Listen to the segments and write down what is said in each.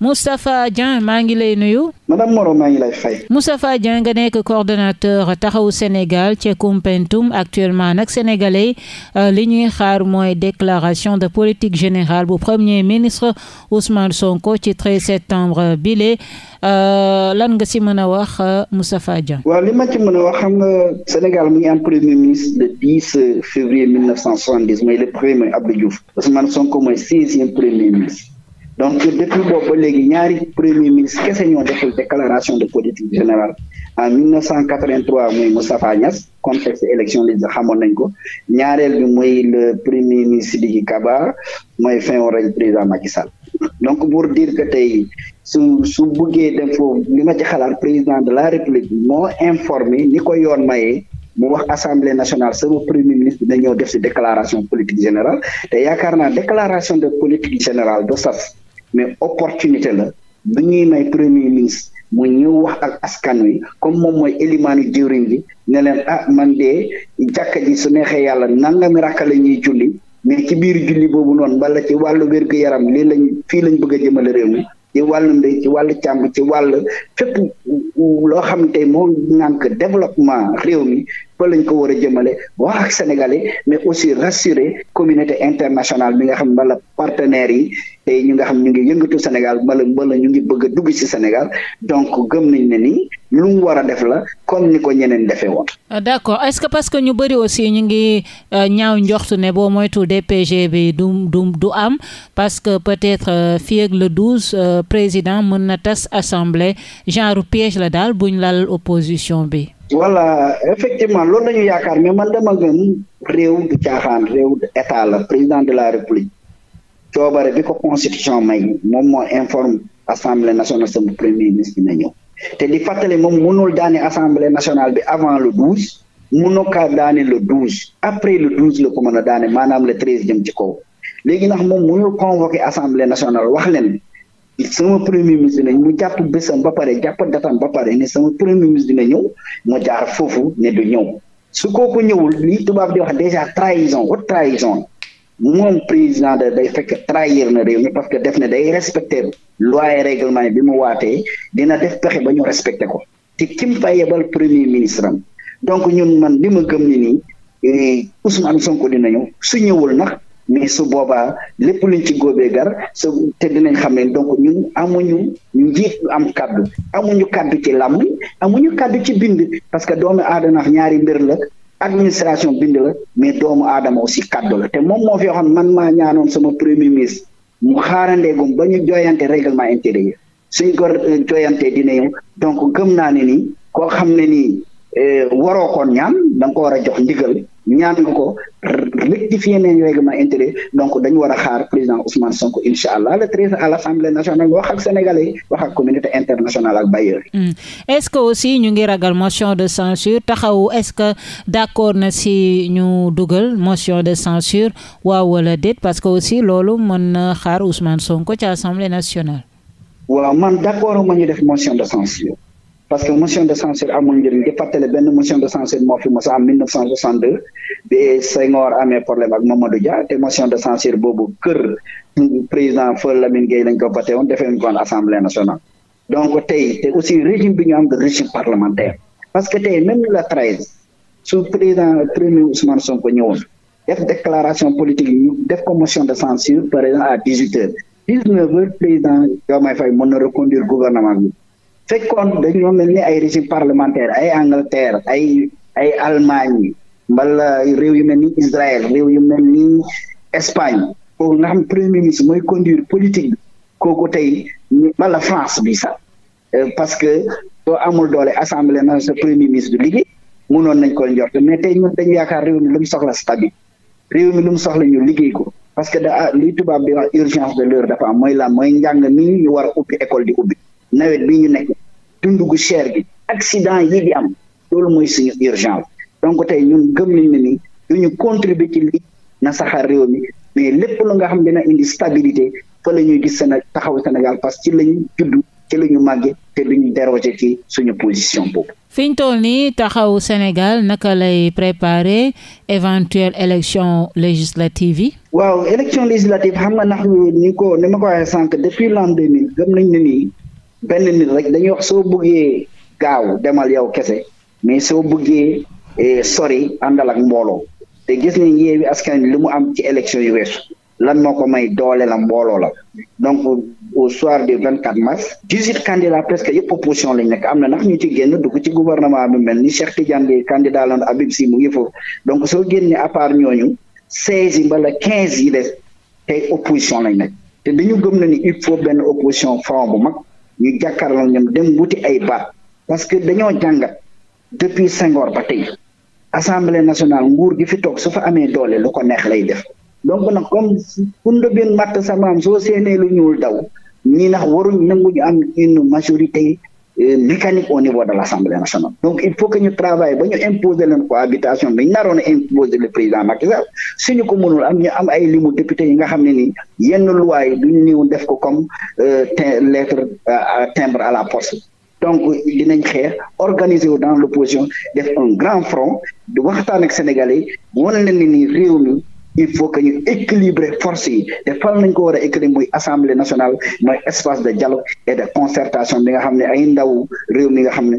Moustapha Dieng maa ngi lay nuyu. madame Moreau maa ngi lay fay. Moustapha Dieng nga nekk coordonnateur taxawu Sénégal ca Koumpentoum actuellement nag sénégalais euh, li ñuy xaar mooy déclaration de politique générale bu premier ministre Ousmane Sonko ci 13 septembre bile euh, lan nga si mën wax euh, Moustapha Dieng. waaw li ma ci mën a wax xam nga Sénégal mu ngi am premier ministre le 10 février le premier ministre. xam nga depuis boobu ba léegi ñaari premier ministre kese ñoo deful déclaration de politique générale en 1983 muy Moustapha Niass contexte élection li xamoon nañ ko ñaareel bi mooy le premier ministre Sidiki Kaba mooy fin wu règne président Macky Sall donc pour dire que tey su su buggee dem foofu li ma ci xalaat président de la république moo informé ni ko yoon mayee mu wax assemblée nationale sama premier ministre dañoo def si déclaration politique générale te yaakaar naa déclaration de politique générale do saf mais opportunité la bu ñuy may premier ministre mu ñëw wax ak askan wi comme moom mooy élimaani jëwriñ bi ne leen ah man de jàkka ji su neexee yàlla nangami rakka la ñuy julli mais ci biir julli boobu noonu bala ci wàllu wér yaram lii lañ fii lañ bëgg a jëmale réew mi ci wàllu mbéy ci wàllu càmb ci wàllu fépp loo xam te moo nànk développement réew mi ba lañ ko war a jëmale wax ak sénégalais mais aussi rassurer communauté internationale bi nga xam wala partenaires yi tey ñu nga xam ñu ngi yëngatu Sénégal wala wala ñu ngi bëgg dugg ci Sénégal donc gëm nañ ne nii lu mu war a def la comme ni ko ñeneen defee woon. Euh, d'accord est-ce que parce que ñu bëri aussi ñu ngi euh, ñaaw njoxtu ne boo moytu DPG bi du du du am parce que peut-être euh, fii ak le 12 président mën na tas assemblée genre piège la daal buñ lal opposition bi. wala effectivement loolu la ñu yaakaar mais man dama gëm réew du caaxaan réew état la président de la république coobare bi ko constitution may moom moo informe assemblée nationale sama premier ministre na ñëw te di fàttali moom mënul daane assemblée nationale bi avant le douze mënoo kaa daane le douze après le douze la ko mën a daane maanaam le treize jëm ci kaw léegi ndax moom mënul convoqué assemblée nationale wax leen sama premier ministre dina mu jàpp bésam ba pare jàpp datam ba pare ne sama premier ministre dina ñëw ma jaar foofu ne du ñëw su kooku ñëwul li tubaab di wax déjà trahison haute trahison moom président da day fekk trahir na réew mi parce que def ne day respecter loi et règlement bi mu waatee dina def pexe ba ñu respecter ko te kim fa yebal premier ministre am donc ñun man li ma gëm ni nii eh, Ousmane Sonko dina ñëw su ñëwul nag mais su boobaa lépp luñ ci góobee gar su te dinañ xam ne donc ñun amuñu ñu njiit am kàddu amuñu kàddu ci làmb amuñu kàddu ci bind parce que doomu aadama ñaari mbir la administration bind la mais doomu aadama aussi kàddu la te moom moo fi waxoon man maa ñaanoon sama premier ministre mu xaarandee xaarandeegum ba ñu jooyante règlement intérieur suñ ko euh, jooyantee dina ñëw donc gëm naa ne nii koo xam ne nii euh, waroo koon ñam da ko war a jox ndigal ñaan nga ko rectifier nañ règlement intérieur donc dañu war a xaar président Ousmane Sonko incha allah le treize à l' assemblée nationale wax ak sénégalais wax ak communauté internationale ak bailleurs hmm. est ce que aussi ñu ngi ragal motion de censure taxaw est ce que d' accord na si ñu dugal motion de censure waaw wala déet parce que aussi loolu mën na xaar Ousmane sonk ca assemblée nationale. waaw man d' accord ma ñu def motion de censure parce que motion de censure amul njëriñ di fàttale benn motion de censure moo fi mos a am 1962 bi Senghor amee problème ak Mamadou Dia motion de censure boobu kër président Feu Lamine Gueye lañ ko voté woon defee ñu ko woon assemblée nationale. donc tey te aussi régime bi ñu am de régime parlementaire parce que tey même la treize su président premier Ousmane Sonko ñëwoon def déclaration politique ñu def ko motion de censure par exemple à dix huit heures président Diomaye Faye mën na reconduire gouvernement bi. fekkoon dañoo mel ni ay régime parlementaire ay Angleterre ay ay Allemagne mbala réew yu mel ni Israël réew yu mel ni Espagne kooku nga xam premier ministre mooy conduire politique bi kooku tey bala France bi sax euh, parce que soo amul doole assemblée nationale sa premier ministre du liggéey mënoon nañ ko njort mais tey ñun dañu yaakaar réew mi lu mu soxla stabilité réew mi lu mu soxla ñu liggéey ko parce que da li tubaab di wax urgence de l'heure dafa am mooy lan mooy njàng ñu war a école di ubbi nawet bi ñu nekk dundu gu cher gi accident yi di am loolu mooy suñu urgence donc tey ñun gëm nañ ne ni duñu contribuer ci lii na saxaar réew mi mais lépp lu nga xam dina indi stabilité fa la ñuy gis Sénégal taxaw Sénégal parce que ci lañu juddu ci la ñu màggee te duñu déroger ci suñu position boobu. fi ñu toll nii taxaw Sénégal naka lay préparer éventuelle élection législative yi. waaw élection législative xam nga ndax ni ko ni ma ko waxee sànq depuis l'an 2000 gëm nañ ne nii. benn nit rek dañuy wax soo bëggee gaaw demal yow kese mais soo bëggee eh, sori àndal ak mbooloo te gis nañ Yewwi Askan Wi li mu am ci élection yu weesu lan moo ko may doole la mbooloo la donc au soir du 24 mars 18 candidats presque yëpp opposition lañ nekk am na ndax ñu ci génn dugg ci gouvernement mel ni Cheikh Tidiane Dièye candidat la Habib Sy mu ngi foofu donc soo génnee à part ñooñu 16 yi mbala 15 yi des te opposition lañ nekk te dañu gëm na ni il faut benn opposition front mu mag ñu jàkkaarloo ñoom dem wuti ay baat parce que dañoo jàngat depuis Senghor ba tey assemblée nationale nguur gi fi toog su fa amee doole lu ko neex lay def donc nag comme kundo bin matt samaam soo séenee lu ñuul daw ñii nax waruñ nanguñu am une majorité mécanique au niveau de l'Assemblée nationale. donc il faut que ñu travaille ba ñu imposer leen cohabitation bi ñu naroon a imposer le président Macky Sall su ñu ko mënul am ñu am ay limu député yi nga xam ne nii yenn loi yi ñu niw def ko comme euh, lettre euh, timbre à la poste donc dinañ xeex organiser wu dans l'opposition def un grand front di waxtaan ak Sénégalais yi wan leen ni nii mi il faut que ñu équilibrer force yi te fan lañ ko war a équilibrer assemblée nationale mooy espace de dialogue et de concertation bi xam ne ay ndaw réew mi nga xam ne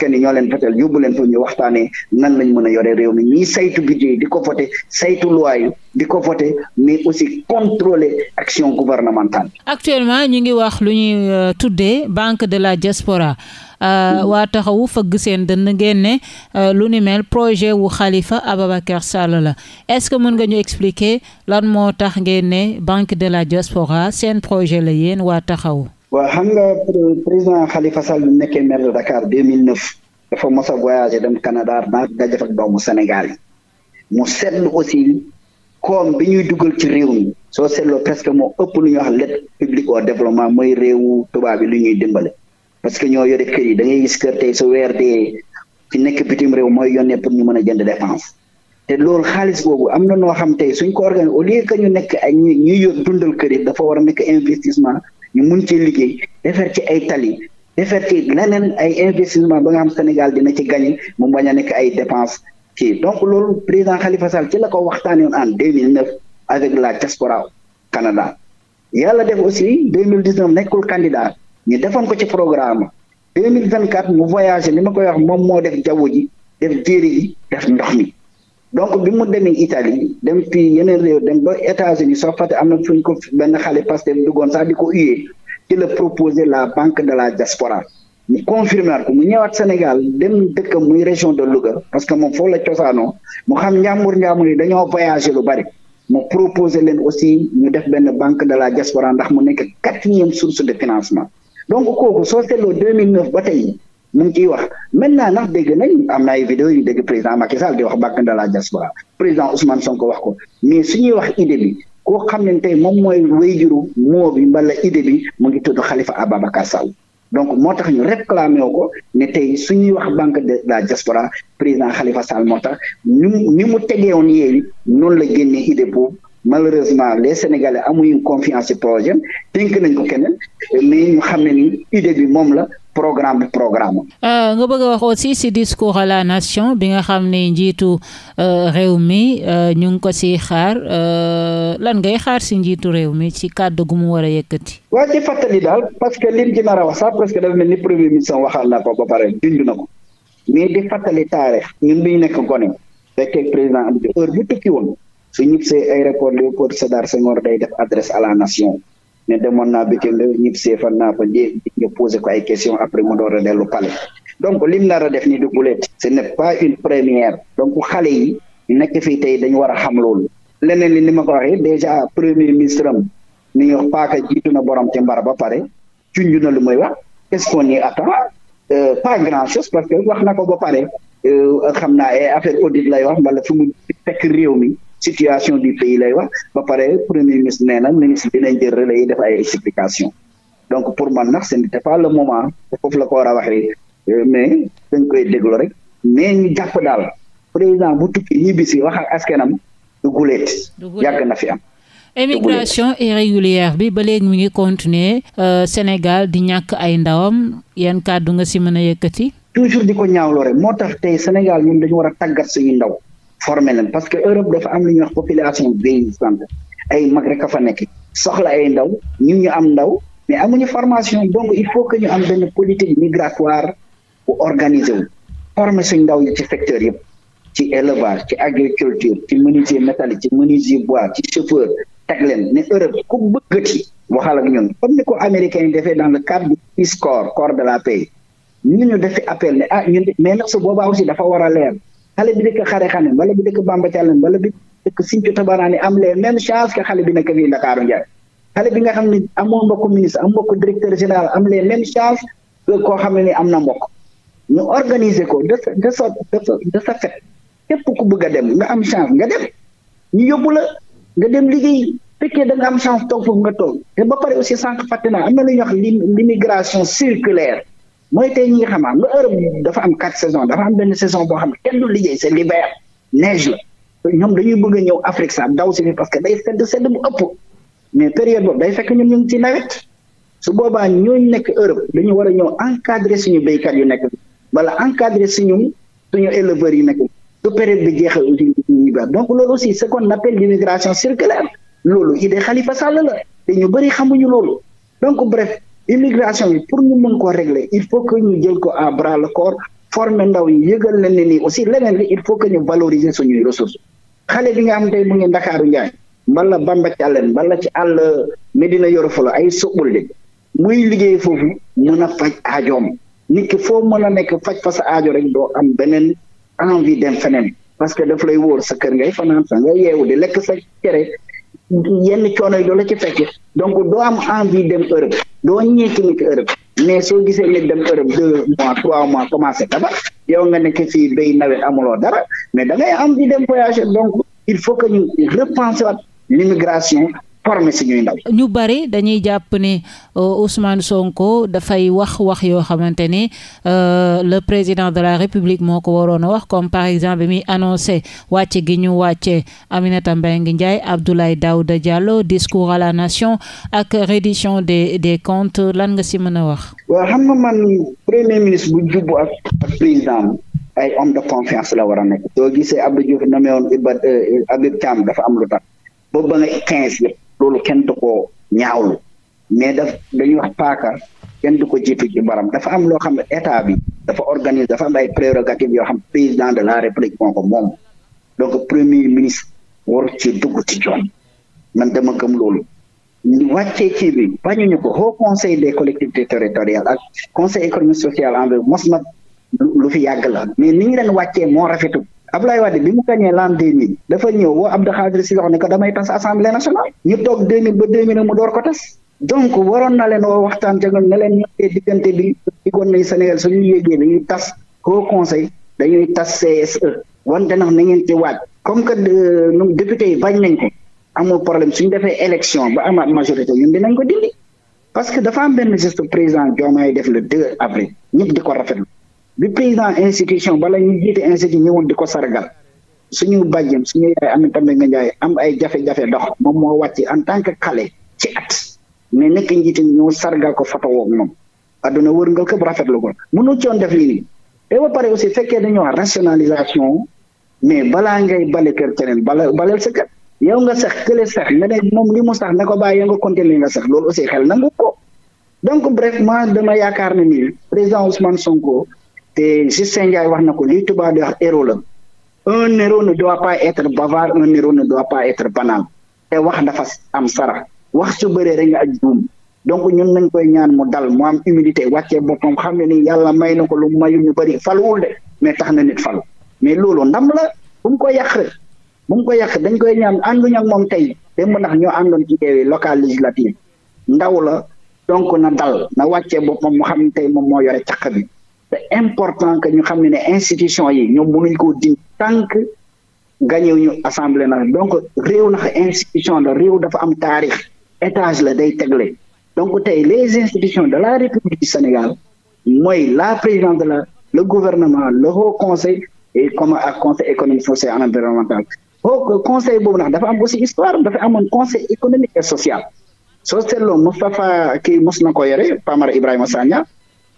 que ni ñoo leen fetal yóbbu leen fa ñu waxtaanee nan lañ mën a yore réew mi ñii saytu budget yi di ko voté saytu loi yi di ko voté mais aussi contrôler action gouvernementale. actuellement ñu ngi wax lu ñuy euh, tuddee banque de la diaspora. Euh, mm-hmm. waa taxawu fëgg seen dënn ngeen euh, lu ni mel projet wu Khalifa Ababacar Sall la est-ce que mën nga ñu expliquer lan moo tax ngeen ne Banque de la Diaspora seen projet la yéen waa taxawu waa xam nga président Khalifa Sall bi nekkee maire de Dakar 2009 mos a voyagé dem Canada naat dajaf ak doomu Sénégal yi mu seetlu aussi koom bi ñuy dugal ci réew mi soo seetloo presque moo ëpp lu ñuy wax l'aide publique au développement mooy réewu tubaab bi lu ñuy dimbale parce que ñoo yore kër yi da ngay gis kër tey su weer dee ci nekk bitim réew mooy yónnee pour ñu mën a jënd dépense te loolu xaalis boobu am na noo xam tey suñ ko organisé au lieu que ñu nekk ay ñu ñuy yor dundal yi dafa war a nekk investissement ñu mun ci liggéey defar ci ay tali defar ci leneen ay investissement ba nga xam Sénégal dina ci gagné mu bañ a nekk ay dépense ci donc loolu président xalifa Sall ci la ko waxtaanee en 2009 avec la diaspora Canada yàlla def aussi 2019 nekkul candidat. ñu defoon ko ci programme deux mille mu voyagé li ma koy wax moom moo def jaww ji def jéeri yi def ndox mi donc bi mu demee Italie dem fii yeneen dem ba États-Unis soo fàtte am na fu ko benn xale parce que duggoon sax di ko uyee ci la proposé la banque de la diaspora mu confirmer ko mu ñëwaat Sénégal dem dëkkam muy région de Louga parce que moom foofu la cosaanoo mu xam njàmbur njàmbur yi dañoo voyagé lu bari mu proposer leen aussi ñu def benn banque de la diaspora ndax mu nekk quatrième source de financement donc kooku soo seetloo 2009 ba tey mu ngi ciy wax maintenant ndax dégg nañ am na ay vidéo yu dégg président Macky Sall di wax bàkk de la diaspora président Ousmane Sonko wax ko mais suñuy wax idée bi ko xam ne tey moom mooy wéyjuru moo bi mbala idée bi mu ngi tudd Khalifa Ababacar Sall donc moo tax ñu réclamé wu ko ne tey suñuy wax banque de la diaspora président Khalifa Sall moo tax ñu ni mu tegeewoon yéen noonu la génnee idée boobu malheureusement les sénégalais amuñu confiance ci projet dénk nañ ko keneen mais xam ne ni idée bi moom la programme bi programme euh, nga bëgg a wax aussi ci discours à nation bi nga xam ne njiitu euh, réew mi euh, ñu ngi ko ci xaar lan ngay xaar ci njiitu réew mi ci kàddu gu mu war a yëkkati. waa ci fàttali daal parce que lim ci nar a wax sax presque dafa mel ni premier ministre waxaat na ko ba pare junj na ko mais di fàttali taarix ñun bi nekk gone fekkee président am heure woon. su ñibbisee aéroport Léopold Sédar Senghor day def adresse a la nation ne demoon naa bitim réew ñibbisee fan naa fa jé ñu posé ko ay question après mu door a dellu palais donc lim nar a def ni du guleet ce n'est pas une première donc xale yi nekk fi tey dañu war a xam loolu leneen li ni ma ko waxee déjà premier ministre am ni ñu wax paaka jiitu na borom ci mbar ba pare junj na lu muy wax qu'est-ce qu'on y attend euh, pas grand chose parce que wax na ko ba pare euh, xam naa ay affaire audit lay wax wala fu mu fekk réew mi situation du pays lay wax ba pare premier ministre nee na ministre dinañ jël relais yi def ay explication donc pour man nag ce n'était pas le moment foofu la ko war a waxee euh, mais dañ koy déglu rek mais ñu jàpp daal président bu tukki ñibbisi wax ak askenam du guleet yàgg na fi am émigration irrégulière bi ba léegi mi ngi continuer euh, Sénégal di ñàkk ay ndawam yan kàddu nga si mën a yëkkati toujours di ko ñaawloo rek moo tax tey Sénégal ñun dañu war a tàggat suñu ndaw former leen parce que Europe dafa am lu ñuy wax population vieillissante ay mag rek a fa nekk soxla ay ndaw ñu ñu am ndaw mais amuñu formation donc il faut que ñu am benn politique migratoire bu organiser wu former suñ ndaw yi ci secteur yëpp ci élevage ci agriculture ci menuisier métallique ci menuisier bois ci chauffeur teg leen ne Europe ku bëggati waxal ak ñun comme ko américain yi defee dans le cadre du Peace Corps corps de la paix ñun ñu defi appel ne ah ñun mais nag su aussi dafa war a leer xale bi dëkk xare xanem wala bi dëkk bamba càllen wala bi dëkk sincu tabaraani am les mêmes chances que xale bi nekk fii ndakaaru njaay xale bi nga xam ni amoo mbokk ministre am mbokk directeur général am les mêmes chances que koo xam ne ni am na mbokk ñu organiser ko de sa de sa fet képp ku bëgg a dem nga am chance nga dem ñu yóbbu la nga dem liggéey fekkee da nga am chance toog foofu nga toog te ba pare aussi sànq fàtte naa am na lu ñuy wax l'immigration circulaire mooy tey ñi nga xam am na Europe dafa am quatre saison dafa am benn saison boo xam ne kenn du liggéey c'est l'hiver neige la ñoom dañuy bëgg a ñëw Afrique sax daw si fi parce que day sedd sedd bu ëpp mais période boobu day fekk ñun ñu ngi ci nawet su boobaa ñooñu nekk Europe dañu war a ñëw encadrer suñu béykat yu nekk bala encadrer suñu suñu éleveurs yu nekk su période bi jeexal aussi ñu donc loolu aussi ce qu'on appelle l'immigration circulaire loolu idée Khalifa Sall la ñu bëri xamuñu loolu donc immigration bi pour ñu mën koo régler il faut que ñu jël ko à bras le corps former ndaw yi yëgal leen ni nii aussi leneen li il faut que ñu valoriser suñuy ressources xale bi nga xam tey mu ngi ndakaaru njaay mbala bamba ci àllen ci àll Medina Yoro Fula ay soɓul de muy liggéey foofu mën a faj aajoom nit ki foo mën a nekk faj fa sa aajo rek doo am beneen envie dem feneen parce que daf lay wóor sa kër ngay fanaan sa nga yeewu di lekk sa cere yenn coono yi doo la ci fekk donc doo am envie dem doo ñëwee tamit Europe mais soo gisee nit dem Europe deux mois trois mois commencé tabax yow nga nekk fii béy nawet amuloo dara mais da am di dem donc il faut que ñu repenser waat l'immigration former ñu bari dañuy jàpp ne euh, Ousmane Sonko dafay wax wax yoo xamante ne euh, le président de la République moo ko waroon a wax comme par exemple mi annoncé wàcce gi ñu wàcce Aminata Mbengue Ndiaye Abdoulaye Daouda Diallo discours à la nation ak reddition des des comptes lan nga si mën a wax. waaw xam nga man premier ministre bu jubbu ak président ay homme de confiance la war nekk. soo gisee Abdou Diouf euh, dafa am lu tax. boobu ba nga quinze yëpp loolu kenn du ko ñaawlu mais daf dañuy wax paaka kenn du ko jiitu ci baram dafa am loo xam ne état bi dafa organise dafa am ay prérogatives yoo xam président de la république moo ko moom donc premier ministre waru ci dugg ci joon man dama gëm loolu wàccee ci bi bañuñu ko haut conseil des collectivités territoriales ak conseil économique social environnement mos na lu fi yàgg la mais ni ñu leen wàccee moo Abdoulaye Wade bi mu gañee l'an 2000 dafa ñëw woo Abdou Khadir Sidikho ne ko damay tas assemblée nationale ñu toog 2000 ba 2000 mu door ko tas donc waroon na leen woo waxtaan ca ne leen ñëwee diggante bi diggoon nañu Sénégal suñu yéegee ñu tas Haut Conseil dañuy tas CSE wante nag na ngeen ci waaj comme que euh, ñun député yi bañ nañ ko amul problème suñu defee élection ba amaat majorité ñun dinañ ko dindi parce que dafa am benn geste président Diomaye def le 2 avril ñëpp ko bi président institution bala ñu jiite institut ñëwoon di ko sargal suñu bàjjëm suñu yaay am tamit nga jaay am ay jafe-jafe dox moom moo wàcc en tant que xale ci at mais nekk njiite ñëw sargal ko foto woog moom adduna wërngal këpp rafetlu ko mënu coon def lii nii te ba pare aussi fekkee dañu wax rationalisation mais bala ngay bale kër keneen bala bale sa kër yow nga sax kële sax nga ne moom li mu sax na ko bàyyi nga continuer nga sax loolu aussi xel nangu ko donc bref moi dama yaakaar ne nii président Ousmane Sonko te Justin wax na ko li tubaab di wax héros la un héros ne doit pas être bavard un héros ne te wax fa am sara wax su bëree rek nga donc ñun nañ koy ñaan mu dal mu am humidité wàccee boppam xam ne ni yàlla may na ko lu mayu ñu bëri faluwul de mais tax na nit falu mais loolu ndam la bu mu ko yàq rek bu mu ko yàq dañ koy ñaan ànduñ ak moom tey dem ndax ñoo àndoon ci teewi local législative ndaw la donc na dal na wàccee boppam mu xam ne tey moom moo yore caq c'est important que ñu xam ne ne institution yi ñoom mënuñ koo dindi tant que gagné ñu assemblée na donc réew nax institution la réew dafa am taarix étage la day tegle donc tey les institutions de la république du Sénégal mooy la président de la le gouvernement le haut conseil et comme ak conseil économique social et environnemental oh, conseil boobu nag dafa am aussi histoire dafa amoon conseil économique et social soo seetloo Moustapha kii mos na ko yore Pamara Ibrahima Sagna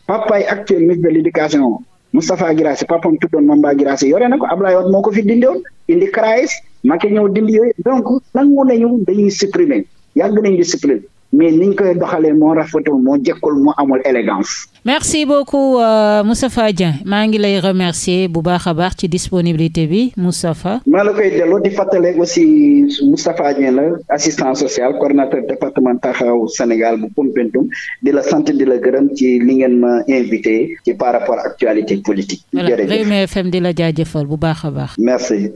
papaay actuel ministre de l'éducation Moustapha Guirassy papam tuddoon Mamba Guirassy yore na ko Ablaye Wade moo ko fi dindi woon indi CRAES Macky ñëw dindi yooyu donc nangu nañu dañuy supprimer yàgg nañu di supprimer mais niñ koy doxalee moo rafetul moo jëkkul mu amul élégance. merci beaucoup euh, Moustapha Dieng maa ngi lay remercier bu baax a baax ci disponibilité bi Moustapha. maa la koy delloo di fàttale aussi Moustapha Dieng la assistant social coordonnateur départemental Taxawu Sénégal bu Koumpentoum di la sant di la gërëm ci li ngeen ma invité ci par rapport actualité politique. jërëjëf voilà Rewmi FM di la jaajëfal bu baax a baax. merci.